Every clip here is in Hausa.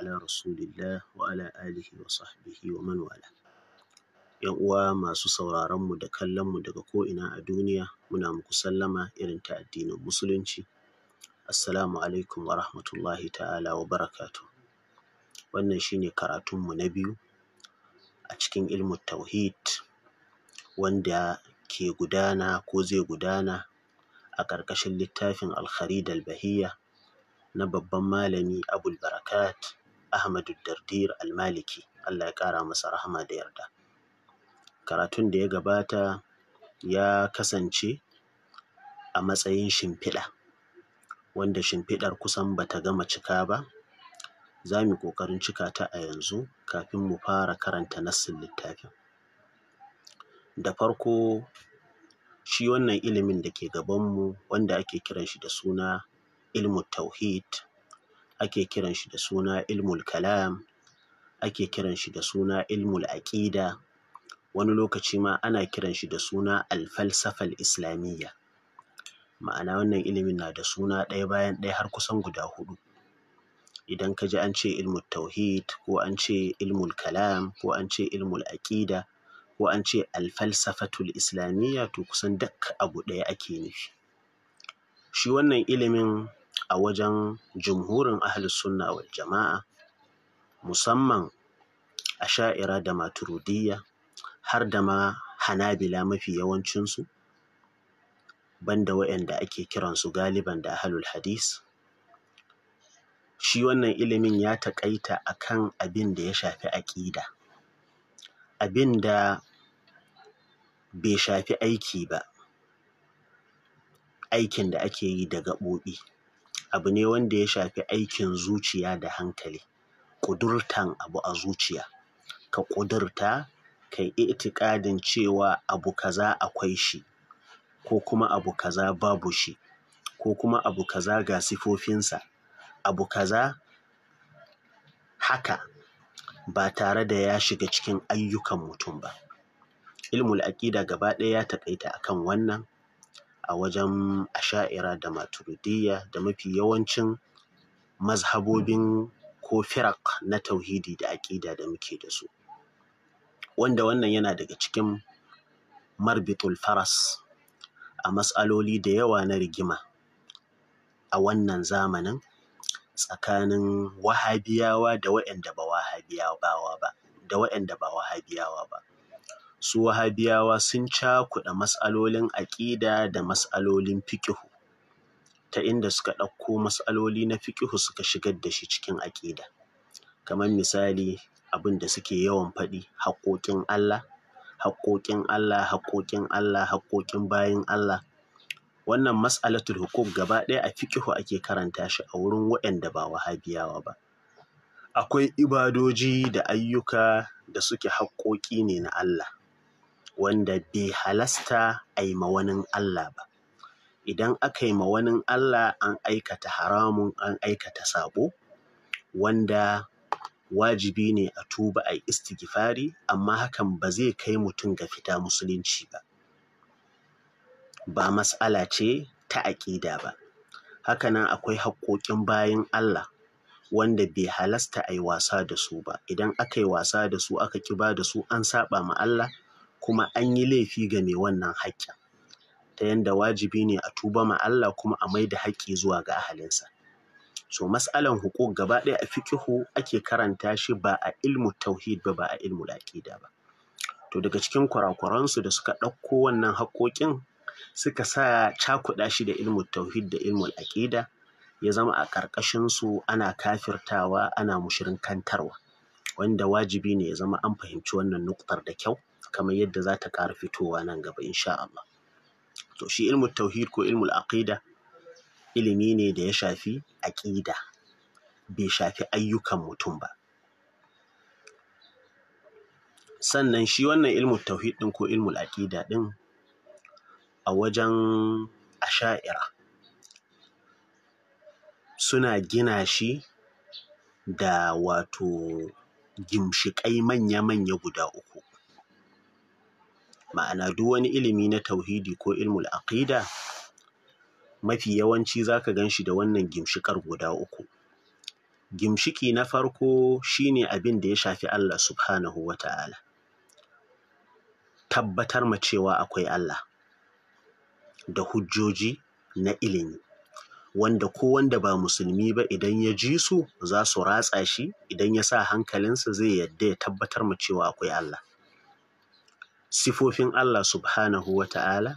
ala rasulillah wa ala alihi wa sahbihi wa man wala. ‘Yan uwa masu sauraron mu da kallon mu daga ko ina a duniya muna muku sallama irin ta addinin musulunci. Assalamu alaikum wa rahmatullahi ta'ala wa barakatu. Wannan shine karatun mu na biyu a cikin ilmin tauhid wanda ke gudana ko zai gudana a ƙarƙashin littafin Alkharidal Bahiyya na babban malami Abul Barakat Ahmadu Dardir Almaliki Allah ya ƙara masa rahama da yarda karatun da ya gabata ya kasance a matsayin shimfiɗa wanda shimfiɗar kusan bata gama cika ba za mu ƙoƙarin cika ta a yanzu kafin mu fara karanta nassin littafin da farko shi wannan ilimin da ke gabanmu wanda ake kiran shi da suna ilmu tauhid ake kiran shi da suna ilmul kalam ake kiran shi da suna ilmul aƙida wani lokaci ma ana kiran shi da suna alfalsafal islamiyya ma'ana wannan ilimin na da suna ɗaya bayan ɗaya har kusan guda hudu idan ka ji an ce ilmul tauhid ko an ce ilmul kalam ko an ce ilmul aƙida ko an ce alfalsafatul islamiyya to kusan duk abu ɗaya ake nufi shi wannan ilimin a wajen jumhurin ahlus sunna wal jama'a musamman a sha'ira da maturudiyya har da ma hanabila mafi yawancinsu banda waɗanda ake kiransu galiban da ahlul hadis shi wannan ilimin ya taƙaita a kan abin da ya shafi aƙida abin da bai shafi aiki ba aikin da ake yi da gaɓoɓi abu ne wanda ya shafi aikin zuciya da hankali. Ƙudurtan abu a zuciya, ka ƙudurta, ka yi itikadin cewa abu kaza akwai shi ko kuma abu kaza babu shi ko kuma abu kaza ga sifofinsa, abu kaza haka ba tare da ya shiga cikin ayyukan mutum ba. Ilmul aƙida gaba ɗaya ya taƙaita akan wannan a wajen asha'ira da maturidiyya da mafi yawancin mazhabobin ko firak na tauhidi da aƙida da muke da su wanda wannan yana daga cikin marbitul faras a matsaloli da yawa na rigima a wannan zamanin tsakanin wahabiyawa da waɗanda ba wahabiyawa ba da waɗanda ba wahabiyawa ba su Wahabiyawa sun cakuɗa mas'alolin aƙida da mas'alolin fiƙihu, ta inda suka ɗauko mas'aloli na fiƙihu suka shigar da shi cikin aƙida. Kamar misali abin da suke yawan faɗi haƙƙoƙin Allah, haƙƙoƙin Allah, haƙƙoƙin Allah, haƙƙoƙin bayin Allah. Wannan mas'alatul hukuk gaba ɗaya a fiƙihu ake karanta shi a wurin waɗanda ba Wahabiyawa ba. Akwai ibadoji da ayyuka da suke haƙƙoƙi ne na Allah. wanda bai halasta a yi ma wani Allah ba. Idan aka yi ma wani Allah an aikata haramun an aikata sabo wanda wajibi ne a tuba a istighfari amma hakan ba zai kai mutum ga fita musulunci ba. Ba matsala ce ta aƙida ba. Hakanan akwai haƙƙoƙin bayan Allah wanda bai halasta a yi wasa da su ba. Idan aka yi wasa da su aka ƙi ba da su an saɓa ma Allah kuma an yi laifi ga mai wannan haƙƙin, ta yadda wajibi ne a tuba ma Allah kuma a mai da haƙƙi zuwa ga ahalinsa. So mas'alan hukuk gaba ɗaya a fiƙihu ake karanta shi ba a ilmu tauhid ba ba a ilmu aƙida ba. To daga cikin su da suka ɗauko wannan haƙƙoƙin suka sa cakuɗa shi da ilmu tauhid da ilmu aƙida ya zama a ƙarƙashin su ana kafirtawa ana kantarwa, wanda wajibi ne ya zama an fahimci wannan nuktar da kyau kamar yadda za ta ƙara fitowa nan gaba insha Allah. To shi ilmul tauhid ko ilmul aƙida ilimi ne da ya shafi aƙida bai shafi ayyukan mutum ba. Sannan shi wannan ilmun tauhid ɗin ko ilmul aƙida ɗin a wajen asha'ira suna gina shi da wato ginshiƙai manya-manya guda uku. ma'ana duk wani ilimi na tauhidi ko ilmul aqida mafi yawanci za ka gan shi da wannan gimshikar guda uku Gimshiki na farko shine abin da ya shafi Allah subhanahu wa ta'ala tabbatar ma cewa akwai Allah da hujjoji na ilimi wanda ko wanda ba musulmi ba idan ya ji su za su ratsa shi idan ya sa hankalinsa zai yadda ya tabbatar ma cewa akwai Allah sifofin Allah subhanahu wa ta'ala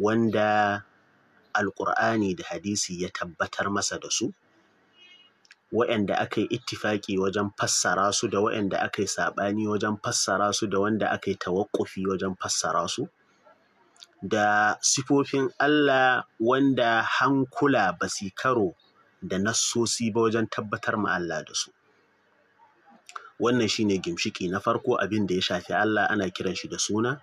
wanda alƙur'ani da hadisi ya tabbatar masa da su wa'yanda aka yi ittifaƙi wajen fassara su da wa'yanda aka yi saɓani wajen fassara su da wanda aka yi tawakkufi wajen fassara su da sifofin Allah wanda hankula ba karo da nassosi ba wajen tabbatar ma Allah da su Wannan shi ne gimshiki na farko abin da ya shafi Allah ana kiran shi da suna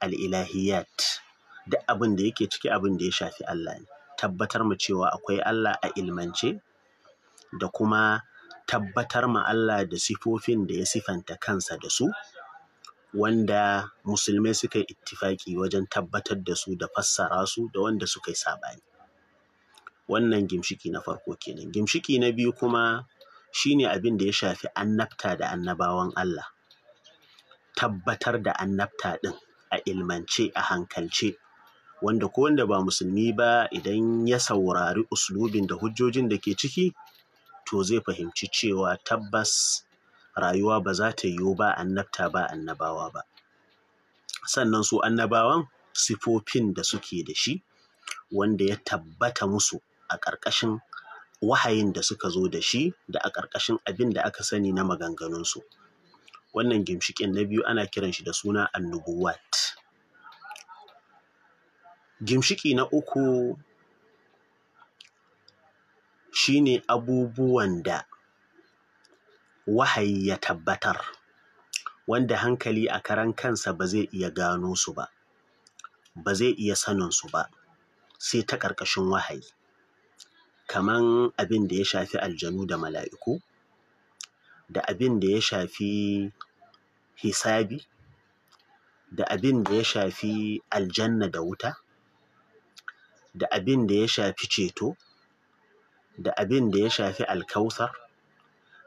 al'ilahiyat. Duk abin da yake ciki abin da ya shafi Allah ne. Tabbatar mu cewa akwai Allah a ilmance da kuma tabbatar ma Allah da sifofin da ya sifanta kansa da su, wanda musulmai suka yi ittifaki wajen tabbatar da su da fassara su da wanda suka yi saɓani. Wannan gimshiki na farko kenan. Gimshiki na biyu kuma shine abin da ya shafi annabta da annabawan Allah tabbatar da annabta ɗin a ilmance a hankalce wanda ko wanda ba musulmi ba idan ya saurari uslubin da hujjojin da ke ciki to zai fahimci cewa tabbas rayuwa ba za ta yiwu ba annabta ba annabawa ba sannan su annabawan sifofin da suke da shi wanda ya tabbata musu a ƙarƙashin wahayin da suka zo da shi da a ƙarƙashin abin da aka sani na maganganunsu wannan gimshiƙin na biyu ana kiran shi da suna annubuwat gimshiƙi na uku shine abubuwan da wahayi ya tabbatar wanda hankali a karan kansa ba zai iya gano su ba ba zai iya saninsu ba sai ta ƙarƙashin wahayi kaman abin da ya shafi aljanu da mala'iku da abin da ya shafi hisabi da abin da ya shafi aljanna da wuta da abin da ya shafi ceto da abin da ya shafi alkausar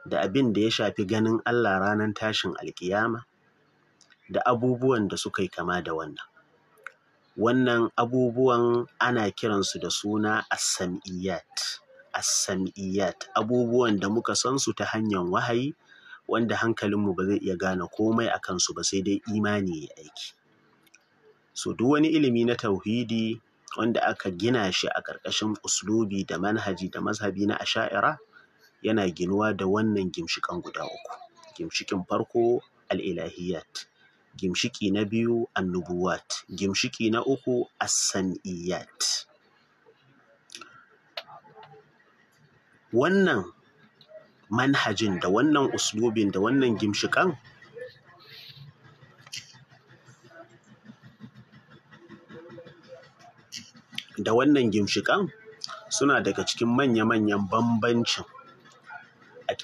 da abin da ya shafi ganin Allah ranar tashin alkiyama da abubuwan da suka yi kama da wannan wannan abubuwan ana kiransu da suna asam'iyat samiyyat abubuwan da muka san su ta hanyar wahayi wanda hankalinmu ba zai iya gane komai a kansu ba sai dai imani ya aiki so duk wani ilimi na tauhidi wanda aka gina shi a ƙarƙashin uslubi da manhaji da mazhabi na asha'ira yana ginuwa da wannan ginshiƙan guda uku ginshiƙin farko al'ilahiyat gimshiki na biyu annubuwat gimshiki na uku asaniyat saniyat wannan manhajin da wannan uslubin da wannan gimshikan da wannan gimshikan suna daga cikin manya-manyan bambancin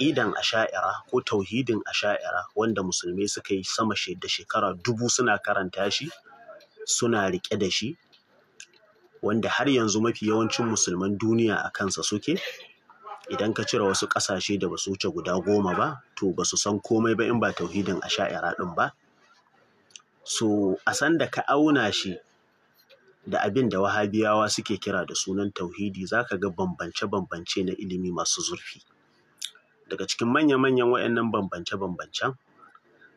aƙidan asha'ira ko tauhidin asha'ira wanda musulmai suka yi sama da shekara dubu suna karanta shi suna riƙe da shi wanda har yanzu mafi yawancin musulman duniya a kansa suke idan ka cire wasu ƙasashe da basu wuce guda goma ba to ba su san komai ba in ba tauhidin asha'ira ɗin ba so a san da ka auna shi da abin da wahabiyawa suke kira da sunan tauhidi za ka ga bambance-bambance na ilimi masu zurfi daga cikin manya-manyan waɗannan bambance-bambancen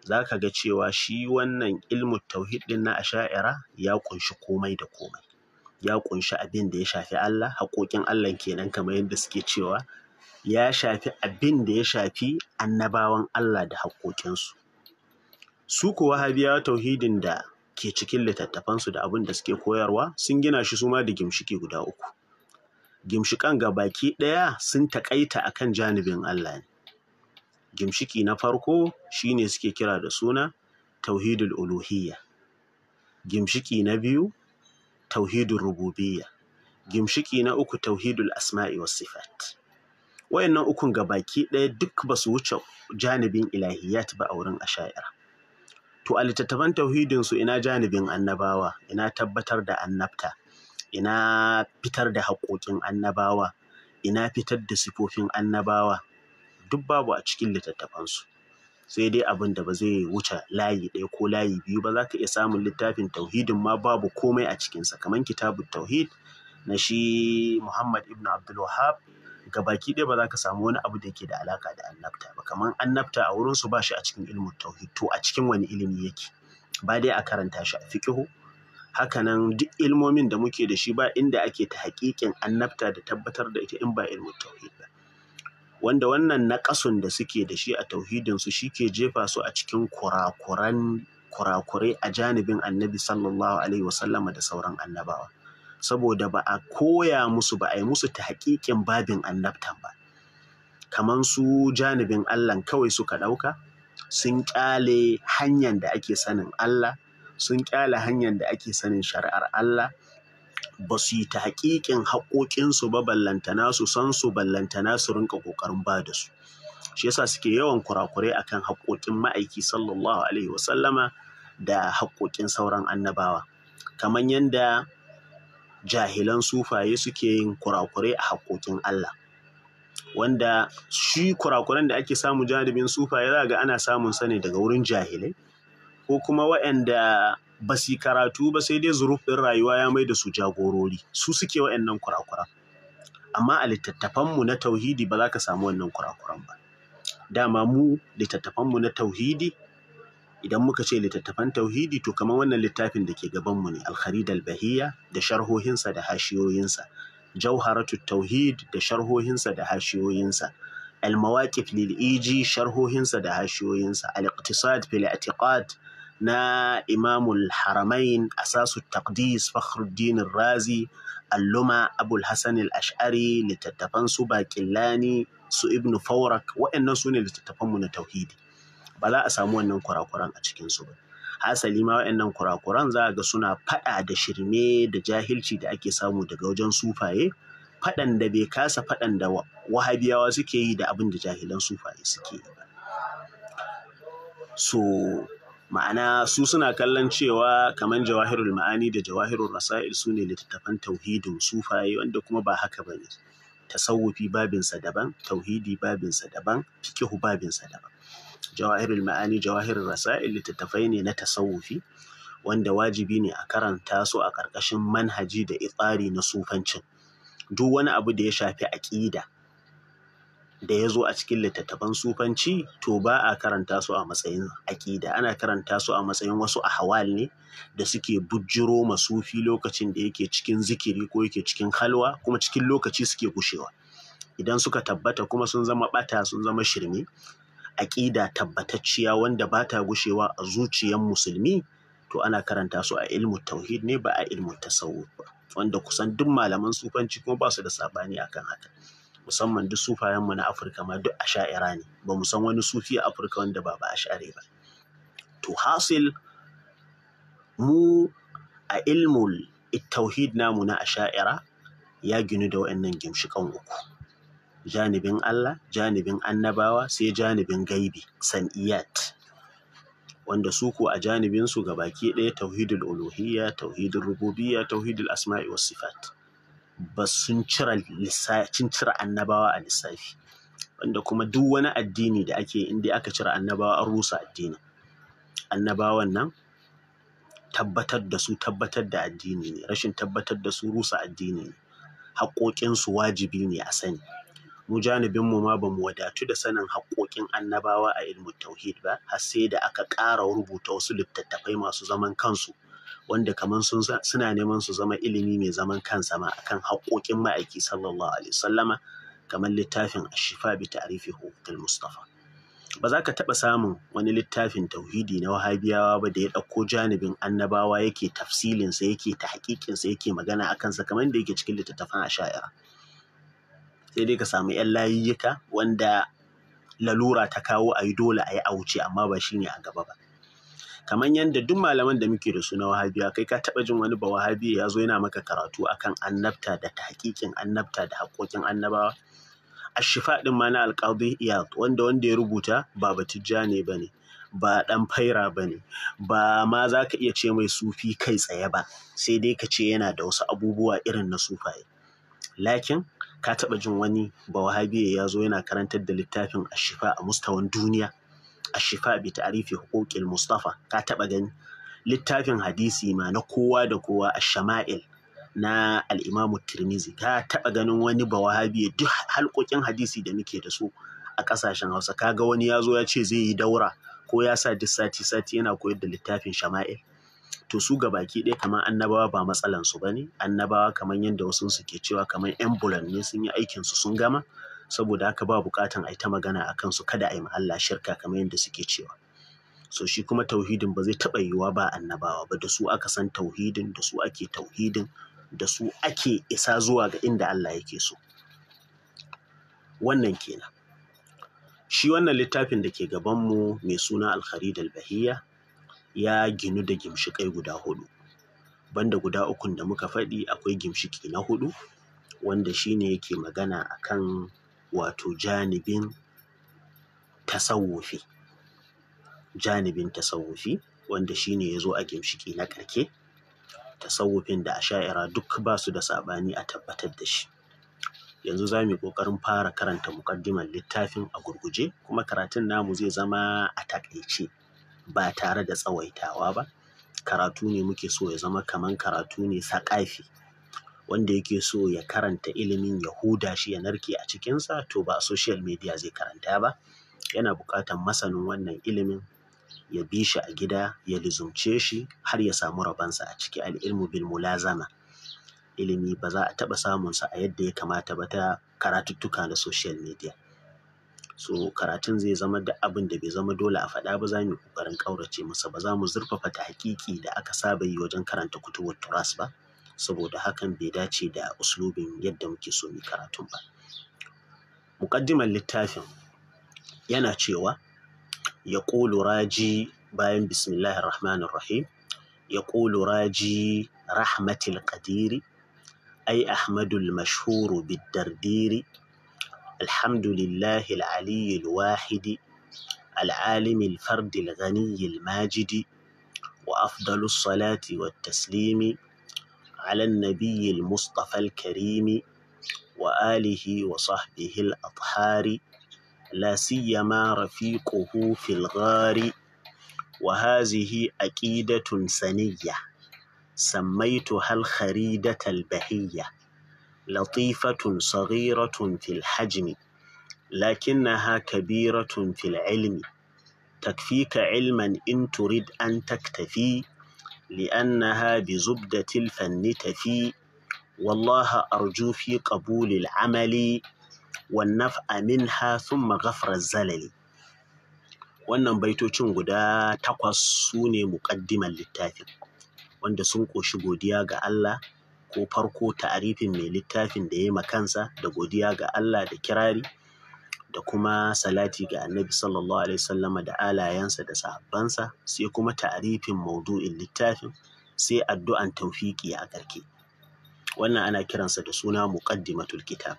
za ka ga cewa shi wannan ilmu tauhid ɗin na asha'ira ya ƙunshi komai da komai ya ƙunshi abin da ya shafi Allah haƙoƙin Allah kenan kamar yadda suke cewa ya shafi abin da ya shafi annabawan Allah da haƙoƙinsu su kuwa habiyawa tauhidin da ke cikin littattafansu da abin da suke koyarwa sun gina shi su ma da ginshiƙi guda uku gimshikan gabaki ɗaya sun taƙaita a kan janibin Allah ne gimshiki na farko shine suke kira da suna tauhidul uluhiyya gimshiki na biyu tauhidul rububiyya gimshiki na uku tauhidul asma'i was sifat wayannan ukun gabaki ɗaya duk ba su wuce janibin ilahiyat ba a wurin asha'ira to a littattafan tauhidin su ina janibin annabawa ina tabbatar da annabta ina fitar da haƙoƙin annabawa, ina fitar da sifofin annabawa, duk babu a cikin littattafansu. Sai dai abin da ba zai wuce layi ɗaya ko layi biyu ba za ka iya samun littafin tauhidin ma babu komai a cikinsa kamar kitabun tauhid na shi Muhammad ibn Abdul wahab ga baki ɗaya ba za ka samu wani abu da yake da alaka da annabta ba kamar annabta a wurinsu ba shi a cikin ilimin tauhid to a cikin wani ilimi yake ba dai a karanta shi a fiqihu Hakanan duk ilmomin da muke da shi ba inda ake ta haƙiƙin annabta da tabbatar da ita in ba ilmin tauhid ba. Wanda wannan naƙasun da suke da shi a tauhidinsu shi ke jefa su a cikin kurakuran kurakurai a janibin annabi sallallahu alaihi wasallama da sauran annabawa. Saboda ba a koya musu ba a yi musu ta haƙiƙin babin annabtan ba. Kaman su janibin allah kawai suka ɗauka sun ƙyale hanyar da ake sanin Allah sun kyale hanyar da ake sanin shari'ar Allah ba su yi ta haƙiƙin haƙoƙinsu ba ballantana su san su ballantana su rinka ƙoƙarin ba da su shi yasa suke yawan kurakurai akan haƙoƙin ma'aiki sallallahu alaihi wasallama da haƙoƙin sauran annabawa kamar yadda jahilan sufaye suke yin kurakurai a haƙoƙin Allah wanda shi kurakuran da ake samu jadabin sufaye za ga ana samun sani daga wurin jahilai ko kuma waɗanda ba su karatu ba sai dai zuruf ɗin rayuwa ya mai da su jagorori su suke waɗannan kurakuran amma a littattafanmu na tauhidi ba za ka samu wannan kurakuran ba dama mu littattafanmu na tauhidi idan muka ce littattafan tauhidi to kamar wannan littafin da ke gabanmu ne alkharidal bahiya da sharhohinsa da hashiyoyinsa jawharatu tauhid da sharhohinsa da hashiyoyinsa المواقف للإيجي شرحه هنسا ده هاشيوينسا الاقتصاد في الاعتقاد na imamul haramain asasu takdis fakhruddin razi alluma abul hasan al-ash'ari littattafan su Lani su ibnu faurak waɗannan su ne mu na tauhidi ba za a samu wannan kurakuran a cikin su ba hasali ma waɗannan kurakuran za a ga suna faɗa da shirme da jahilci da ake samu daga wajen sufaye faɗan da bai kasa faɗan da wahabiyawa suke yi da abin da jahilan sufaye suke yi ba. so ma'ana su suna kallon cewa kamar jawahirul ma'ani da jawahirul rasail su ne littattafan tauhidin sufaye wanda kuma ba haka ba ne tasawufi babinsa daban tauhidi babinsa daban fikihu babinsa daban jawahirul ma'ani jawahirul rasail littattafai ne na tasawufi wanda wajibi ne a karanta su a ƙarƙashin manhaji da itsari na sufancin duk wani abu da ya shafi aƙida da ya zo a cikin littattafan sufanci to ba a karanta su a matsayin aƙida ana karanta su a matsayin wasu a ahwal ne da suke bujjiro masufi lokacin da yake cikin zikiri ko yake cikin halwa kuma cikin lokaci suke gushewa. idan suka tabbata kuma sun zama bata sun zama shirme aƙida tabbatacciya wanda ba ta gushewa a zuciyar musulmi to ana karanta su a ilmu tauhid ne ba a ilmu tasawuf ba wanda kusan duk malaman sufanci kuma ba su da sabani akan haka musamman duk sufayen mu na afirka ma duk a sha'ira ne ba mu san wani sufi a afirka wanda ba ba a sha'ire ba to hasil mu a ilmul tauhid namu na asha'ira ya ginu da wa'annan gimshikan uku janibin Allah janibin annabawa sai janibin gaibi san'iyat wanda su ko a janibinsu gabaki ɗaya tauhidul uluhiyya tauhidul rububiyya tauhidul asma'i was sifat ba sun cire annabawa a lissafi wanda kuma duk wani addini da ake inda aka cire annabawa an rusa addinin annabawan nan tabbatar da su tabbatar da addini ne rashin tabbatar da su rusa addini ne haƙoƙinsu wajibi ne a sani mu janibinmu ma ba mu wadatu da sanin haƙoƙin annabawa a ilmu tauhid ba har sai da aka ƙara rubuta wasu littattafai masu zaman kansu wanda kamar sun suna neman su zama ilimi mai zaman kansa ma akan haƙoƙin ma'aiki sallallahu alaihi sallama kamar littafin ashifa bi ta'rifi hukukul mustafa ba za ka taɓa samun wani littafin tauhidi na wahabiyawa ba da ya ɗauko janibin annabawa yake tafsilinsa yake ta haƙiƙinsa yake magana a kansa kamar da yake cikin littattafan a sai dai ka samu 'yan layiyyuka wanda lalura ta kawo ayi dole a yi a wuce amma ba shi ne a gaba ba kamar yadda duk malaman da muke da su na wahabiya kai ka taɓa jin wani ba wahabi ya zo yana maka karatu akan annabta da tahqiqin annabta da haƙoƙin annabawa ashifa ɗin ma na alƙadi iyad wanda wanda ya rubuta ba batijja ne bane ba ɗan faira bane ba ma za ka iya ce mai sufi kai tsaye ba sai dai ka ce yana da wasu abubuwa irin na sufaye lakin ka taɓa jin wani ba wahabiya ya zo yana karantar da littafin ashifa a mustawan duniya ashifa bi ta'rifi huquqil mustafa ka taɓa gani littafin hadisi ma na kowa da kowa a shama'il na al'imamu tirmizi ka taɓa ganin wani ba bawahabi duk halkokin hadisi da muke da su a ƙasashen hausa kaga wani ya zo ya ce zai yi daura ko ya sa duk sati sati yana koyar da littafin shama'il to su ga baki ɗaya kamar annabawa ba matsalan su ne? annabawa kamar yadda wasu suke cewa kamar yan bulan ne sun yi aikin su sun gama saboda haka ba bukatan a yi ta magana a kansu kada a yi Allah shirka kamar yadda suke cewa so shi kuma tauhidin ba zai taɓa yiwuwa ba annabawa ba da su aka san tauhidin da su ake tauhidin da su ake isa zuwa ga inda Allah yake so wannan kenan shi wannan littafin da ke gabanmu mai suna alkharid al ya ginu da gimshikai guda hudu banda guda ukun da muka faɗi akwai gimshiki na hudu wanda shine yake magana akan wato janibin tasawufi janibin tasawufi wanda shine yazo a gimshiki na karke tasawufin da asha'ira duk ba su da saɓani a tabbatar da shi yanzu za mu yi ƙoƙarin fara karanta muƙaddimar littafin a gurguje kuma karatun namu zai zama a takaice ba tare da tsawaitawa ba karatu ne muke so ya zama kaman karatu ne saƙafi wanda yake so ya karanta ilimin ya huda shi ya narke a cikinsa to ba a social media zai karanta ba yana buƙatar masanin wannan ilimin ya bi shi a gida ya lizumce shi har ya samu rabansa a ciki al'ilmu bil mulazama ilimi ba za a taɓa sa a yadda ya kamata ba ta karatuttuka na social media so karatun zai zama da abin da bai zama dole a faɗa ba za mu yi ƙoƙarin ƙaurace masa ba za mu zurfafa ta hakiki da aka saba yi wajen karanta kutuwar turas ba saboda hakan bai dace da uslubin yadda muke so mu karatun ba muƙaddimar littafin yana cewa ya ƙulu raji bayan bismillahir rahmanir rahim ya ƙulu raji rahmatil qadiri ai ahmadul mashhuru biddardiri alhamdulillahi aliyyil wahidi العالم الفرد الغني الماجد وأفضل الصلاة والتسليم على النبي المصطفى الكريم وآله وصحبه الأطهار لا سيما رفيقه في الغار وهذه أكيدة سنية سميتها الخريدة البهية لطيفة صغيرة في الحجم لكنها كبيرة في العلم تكفيك علما إن تريد أن تكتفي لأنها بزبدة الفن تفي والله أرجو في قبول العمل والنفع منها ثم غفر الزلل wannan baitocin guda takwas su ne muƙaddimar littafin wanda sun ƙoshi godiya ga Allah ko farko ta'arifin mai littafin da ya yi makansa da godiya ga Allah da kirari da kuma salati ga annabi sallallahu alaihi wasallama da alayensa da sahabbansa sai kuma ta'arifin maudu'in littafin sai addu'an tawfiqi a karke wannan ana kiransa da suna muqaddimatul kitab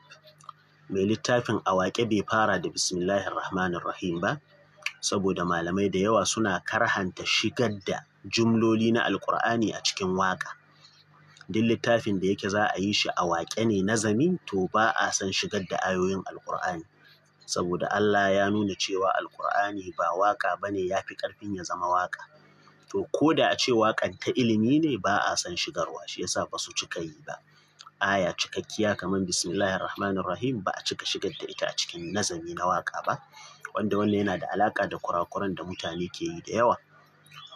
mai littafin a waƙe bai fara da bismillahir ba saboda malamai da yawa suna karhanta shigar da jumloli na Alƙur'ani a cikin waƙa duk littafin da yake za a yi shi a waƙe ne nazami to ba a san shigar da ayoyin alkur'ani saboda Allah ya nuna cewa Alƙur'ani, ba waƙa ba ne ya fi ƙarfin ya zama waƙa to ko da a ce waƙan ta ilimi ne ba a san shigarwa shi yasa ba su cika yi ba aya cikakkiya kamar bismillahir rahmanir rahim ba a cika shigar da ita a cikin nazami na waƙa ba wanda wannan yana da alaƙa da kurakuran da mutane ke yi da yawa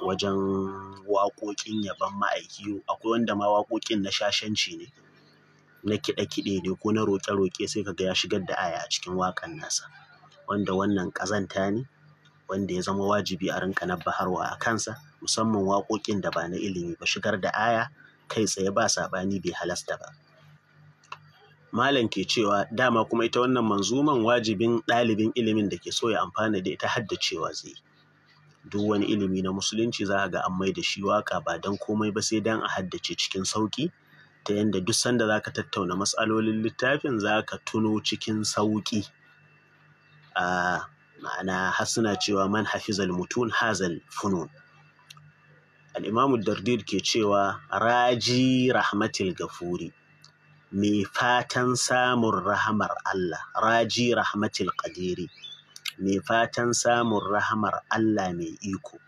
wajen waƙoƙin yabon ma'aiki akwai wanda ma waƙoƙin na shashanci ne na kiɗe-kiɗe ne ko na roƙe-roƙe sai ka ga ya shigar da aya a cikin waƙan nasa wanda wannan ƙazanta ne wanda ya zama wajibi a rinka na baharwa a kansa musamman waƙoƙin da ba na ilimi ba shigar da aya kai tsaye ba saɓani bai halasta ba malam ke cewa dama kuma ita wannan manzuman wajibin ɗalibin ilimin da ke so ya amfana da ita haddacewa zai duk wani ilimi na musulunci za ga an mai da shi waka ba don komai ba sai don a haddace cikin sauƙi ta yadda duk sanda za ka tattauna matsalolin littafin za ka tuno cikin sauƙi. A ma'ana har cewa man hafizal mutun hazal funun. Al'imamu Dardir ke cewa raji rahmatil gafuri mai fatan samun rahamar Allah raji rahmatil qadiri mai fatan samun rahamar Allah mai iko.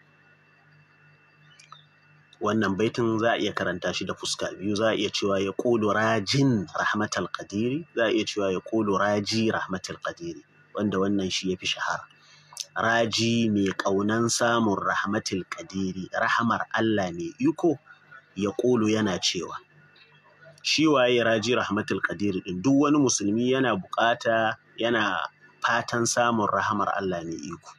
wannan baitin za a iya karanta shi da fuska biyu za a iya cewa ya kulu rajin rahmatal qadiri za a iya cewa ya kulu raji rahmatal qadiri wanda wannan shi yafi shahara raji mai ƙaunan samun rahmatul qadiri rahamar Allah mai iko ya kulu yana cewa shi waye raji rahmatul qadiri din duk wani musulmi yana bukata yana fatan samun rahamar Allah mai iko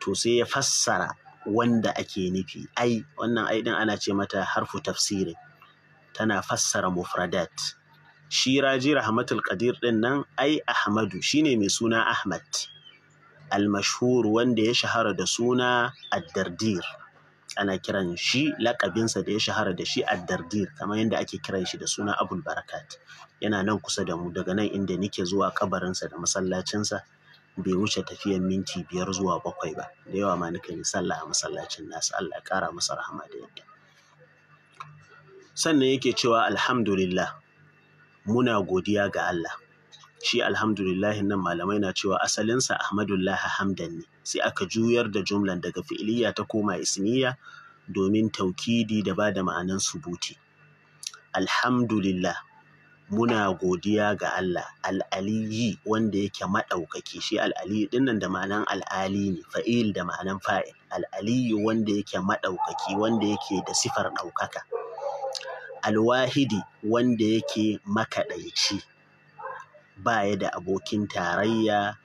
to sai ya fassara wanda ake nufi ai wannan ai din ana ce mata harfu tafsiri tana fassara mufradat shi raji rahmatul qadir din nan ai ahmadu shine mai suna ahmad al-mashhur wanda ya shahara da suna addardir ana kiran shi lakabinsa da ya shahara da shi addardir kamar yadda ake kiran shi da suna abul barakat yana nan kusa da mu daga nan inda nike zuwa kabarinsa da masallacinsa bai wuce tafiyan minti biyar zuwa bakwai ba da yawa ma nakan yi sallah a masallacin nasu Allah ya ƙara masa rahama da yadda sannan yake cewa alhamdulillah muna godiya ga Allah shi alhamdulillah nan malamai na cewa asalinsa ahmadullahi hamdan ne sai aka juyar da jumlan daga fi'iliya ta koma isniya domin taukidi da ba da ma'anan subuti alhamdulillah muna godiya ga Allah Al'aliyi wanda yake maɗaukaki shi ɗin dinnan da ma'anan al'ali ne fa'il da ma'anan fa'il Al'aliyi wanda yake maɗaukaki wanda yake da sifar ɗaukaka alwahidi wanda yake makaɗaici baya da abokin tarayya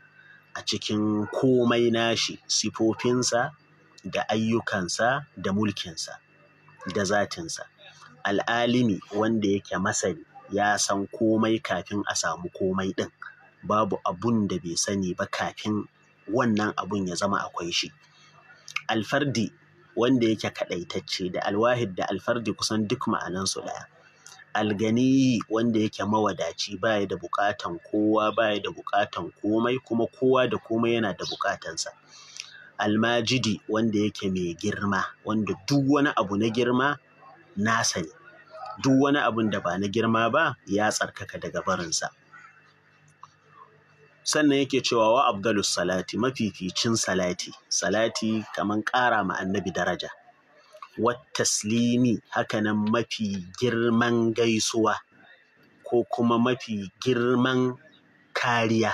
a cikin komai nashi sifofinsa da ayyukansa da mulkinsa da zatinsa al'alimi wanda yake masani ya san komai kafin a samu komai ɗin babu abun da bai sani ba kafin wannan abun ya zama akwai shi alfardi wanda yake kaɗaitacce da alwahid da alfardi kusan duk ma'anansu ɗaya Algani wanda yake mawadaci baya da bukatan kowa baya da bukatan komai kuma kowa da komai yana da bukatansa. almajidi wanda yake mai girma wanda duk wani abu na girma nasa ne duk wani abin da ba na girma ba ya tsarkaka daga barinsa sannan yake cewa wa abdalus salati mafificin salati salati kaman ƙara ma annabi daraja silimi, hakanan mafi girman gaisuwa ko kuma mafi girman kariya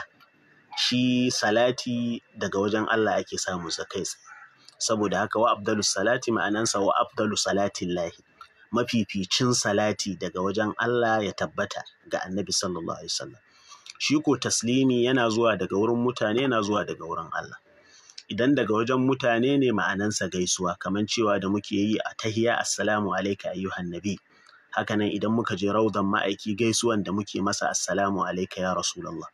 shi salati daga wajen Allah ake samun sa kai tsaye saboda haka wa abdalus salati ma'anansa wa abdalus salatin lahi mafificin salati daga wajen Allah ya tabbata ga annabi sallallahu alaihi wasallam shi ko taslimi yana zuwa daga wurin mutane yana zuwa daga wurin Allah idan daga wajen mutane ne ma'anansa gaisuwa kamar cewa da muke yi a tahiya assalamu alaika, ayyuhan nabi hakanan idan muka je raudan ma'aiki gaisuwan da muke masa assalamu alaika ya rasulullah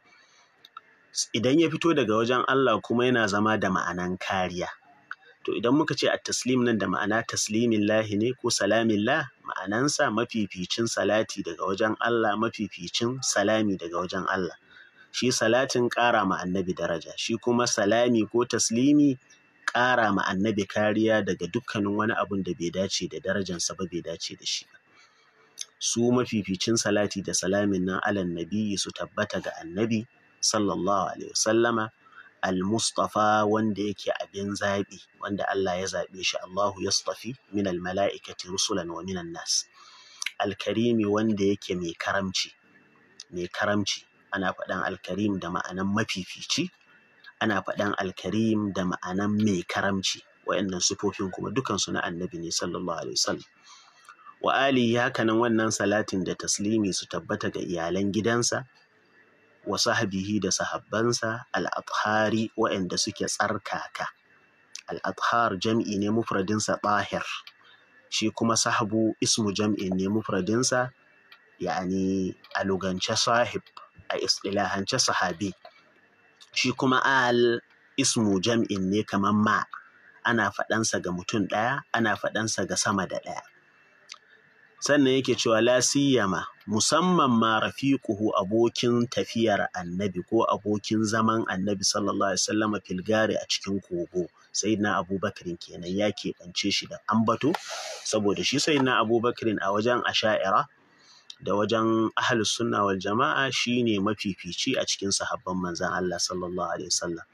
idan ya fito daga wajen Allah kuma yana zama da ma'anan kariya to idan muka ce a taslim nan da ma'ana taslimin lahi ne ko salamin la ma'anansa mafificin salati daga wajen Allah mafificin salami daga wajen Allah shi salatin ƙara ma annabi daraja shi kuma salami ko taslimi ƙara ma annabi kariya daga dukkanin wani abun da bai dace da darajansa ba bai dace da shi su mafificin salati da salamin nan alannabi su tabbata ga annabi sallallahu alaihi wasallama al-mustafa wanda yake abin zaɓi wanda Allah ya zaɓe shi Allahu yastafi min al-mala'ikati rusulan wa minan nas al-karimi wanda yake mai karamci mai karamci ana faɗan al-karim da ma'anan mafifici ana faɗan al-karim da ma'anan mai karamci wayannan sifofin kuma dukansu na annabi ne sallallahu alaihi wasallam wa alihi hakanan wannan salatin da taslimi su tabbata ga iyalan gidansa wa sahbihi da sahabbansa al-athari waɗanda suke tsarkaka al-athar jam'i ne mufradinsa bahir shi kuma sahabu ismu jam'i ne mufradinsa yani a lugance sahib a istilahance sahabi shi kuma al ismu jam'in ne kamar ma ana faɗansa ga mutum ɗaya ana faɗansa ga sama da ɗaya sannan yake cewa la siyama musamman ma rafiquhu abokin tafiyar annabi ko abokin zaman annabi sallallahu alaihi wasallam fil gari a cikin kogo sayyidina abubakar kenan ya keɓance shi da ambato saboda shi sayyidina abubakar a wajen asha'ira da wajen ahlus sunna wal jama'a shine mafifici a cikin sahabban manzon Allah sallallahu alaihi wasallam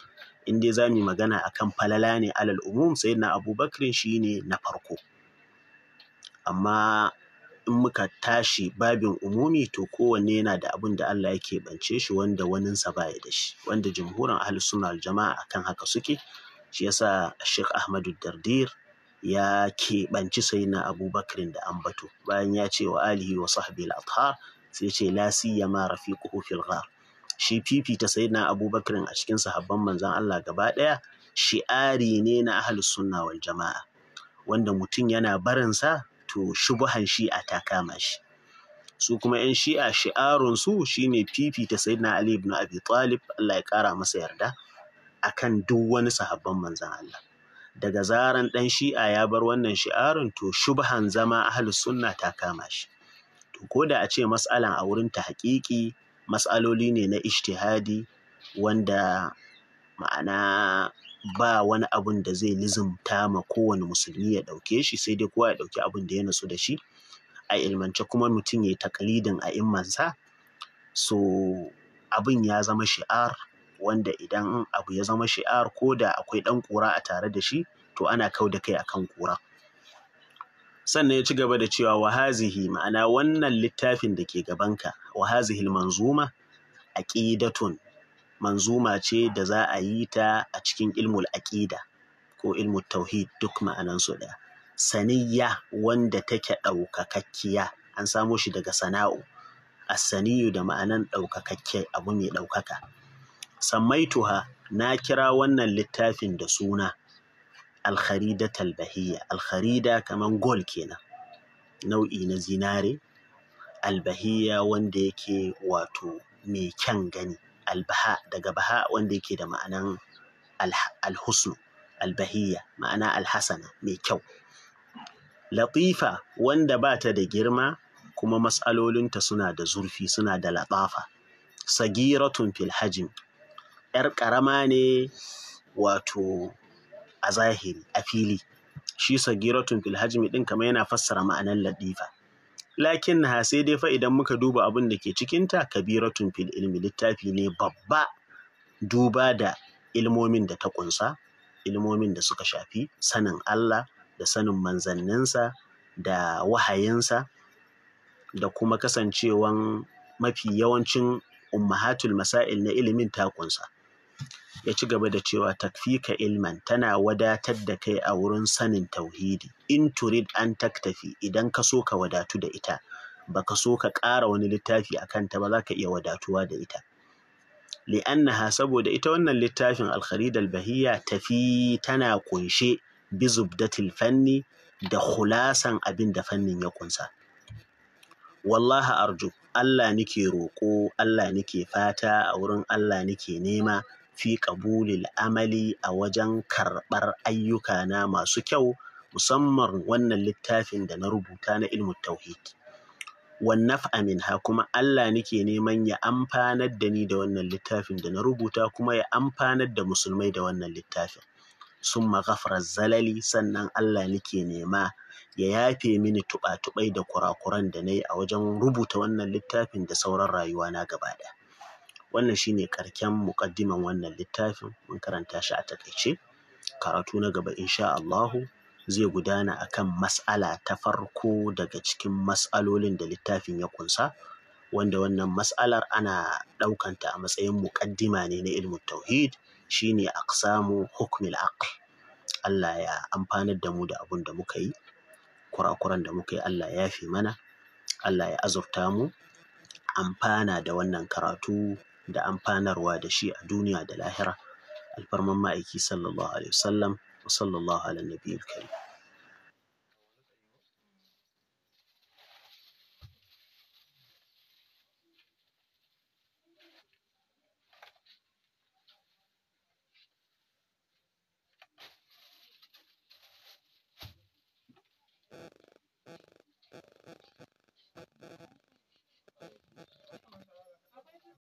in dai zamu mu magana akan falala ne alal umum sayyidina abubakar shine na farko amma in muka tashi babin umumi to kowanne yana da abin da Allah yake bance shi wanda waninsa baya da shi wanda jamhurin ahli sunna jama'a akan haka suke shi yasa Sheikh Ahmadu Dardir ya keɓanci Sayyidina na da ambato bayan ya ce wa alihi wa sahbihi al-athar sai ce la siyama rafiquhu fil ghar shi fifita ta na abubakarin a cikin sahabban manzon Allah gaba ɗaya ari ne na ahlus sunna wal jama'a wanda mutum yana barinsa to shubuhan shi'a ta kama shi su kuma 'yan shi'a shi'arun su shine fifita sayyidina ali ibn abi talib Allah ya kara masa yarda akan duk wani sahabban manzan Allah daga zaran dan shi'a ya bar wannan shi'arun to shubhan zama ahlus sunna ta kama shi to da a ce mas'alan a wurin ta haƙiƙi mas'aloli ne na ijtihadi wanda ma'ana ba wani abun da zai lizimta ma kowane musulmi ya ɗauke shi sai dai kowa ya ɗauki abun da ya nasu da shi a ilmance kuma mutum ya yi takalidin a immansa so abin ya zama shi'ar wanda idan abu ya zama shi'ar ko da akwai ɗan ƙura a tare da shi to ana kau da kai akan ƙura sannan ya ci gaba da cewa wahazihi ma'ana wannan littafin da ke gabanka wahazihi manzuma aqidatun manzuma ce da za a yi ta a cikin ilmul aƙida ko ilmul tauhid duk ma'anan su ɗaya saniyya wanda take ɗaukakakkiya an samo shi daga sana'u saniyu da ma'anan ɗaukakakke abu mai ɗaukaka sammaituha na kira wannan littafin da suna alkharida talbahiyya alkharida kamar gol kenan nau'i na zinare albahiyya wanda yake wato mai kyan gani albaha daga baha wanda yake da ma'anan alhusnu albahiyya ma'ana alhasana mai kyau latifa wanda ba ta da girma kuma matsalolinta suna da zurfi suna da latafa sagiratun filhajin ‘yar ƙarama ne wato a zahiri a fili shi sagiratun filhajin ɗin kamar yana fassara ma'anan latifa Lakin lakinnaha sai dai fa idan muka duba abin da ke cikinta kabiratun fil ilmi littafi ne babba duba da ilmomin da ta kunsa ilmomin da suka shafi sanin Allah da sanin manzanninsa da wahayinsa da kuma kasancewan mafi yawancin ummahatul masail na ilimin ta kunsa ya ci gaba da cewa takfika ilman tana wadatar da kai a wurin sanin tauhidi in turid an taktafi idan ka so ka wadatu da ita baka so ka ƙara wani littafi a kanta ba za ka iya wadatuwa da ita li'annaha saboda ita wannan littafin alkharidal bahiya tafi tana kunshe bi zubdatil fanni da khulasan abin da fannin ya kunsa wallaha arju Allah nike roƙo Allah nike fata a wurin Allah nike nema fi ƙabulil amali a wajen karɓar ayyukana masu kyau musamman wannan littafin da na rubuta na ilmu tauhid wannaf aminha kuma Allah nake neman ya amfanar da ni da wannan littafin da na rubuta kuma ya amfanar da musulmai da wannan littafin sun magafarar zalali sannan Allah nake nema ya yafe mini tuɓa-tuɓai da kurakuran da na yi a wajen rubuta wannan littafin da sauran rayuwa na gaba ɗaya. wannan shi shine karken muƙaddiman wannan littafin mun karanta shi a takaice karatu na gaba insha Allahu zai gudana a kan mas'ala ta farko daga cikin mas'alolin da littafin ya kunsa wanda wannan mas'alar ana ɗaukanta a matsayin muƙaddima ne na ilmin tauhid shine aqsamu hukmil aql Allah ya amfanar da mu da abun da muka yi kurakuran da muka yi Allah ya yafe mana Allah ya azurta mu amfana da wannan karatu da amfanarwa da shi a duniya da lahira alfarman ma'aiki sallallahu alaihi wasallam wa sallallahu ala nabiyil karim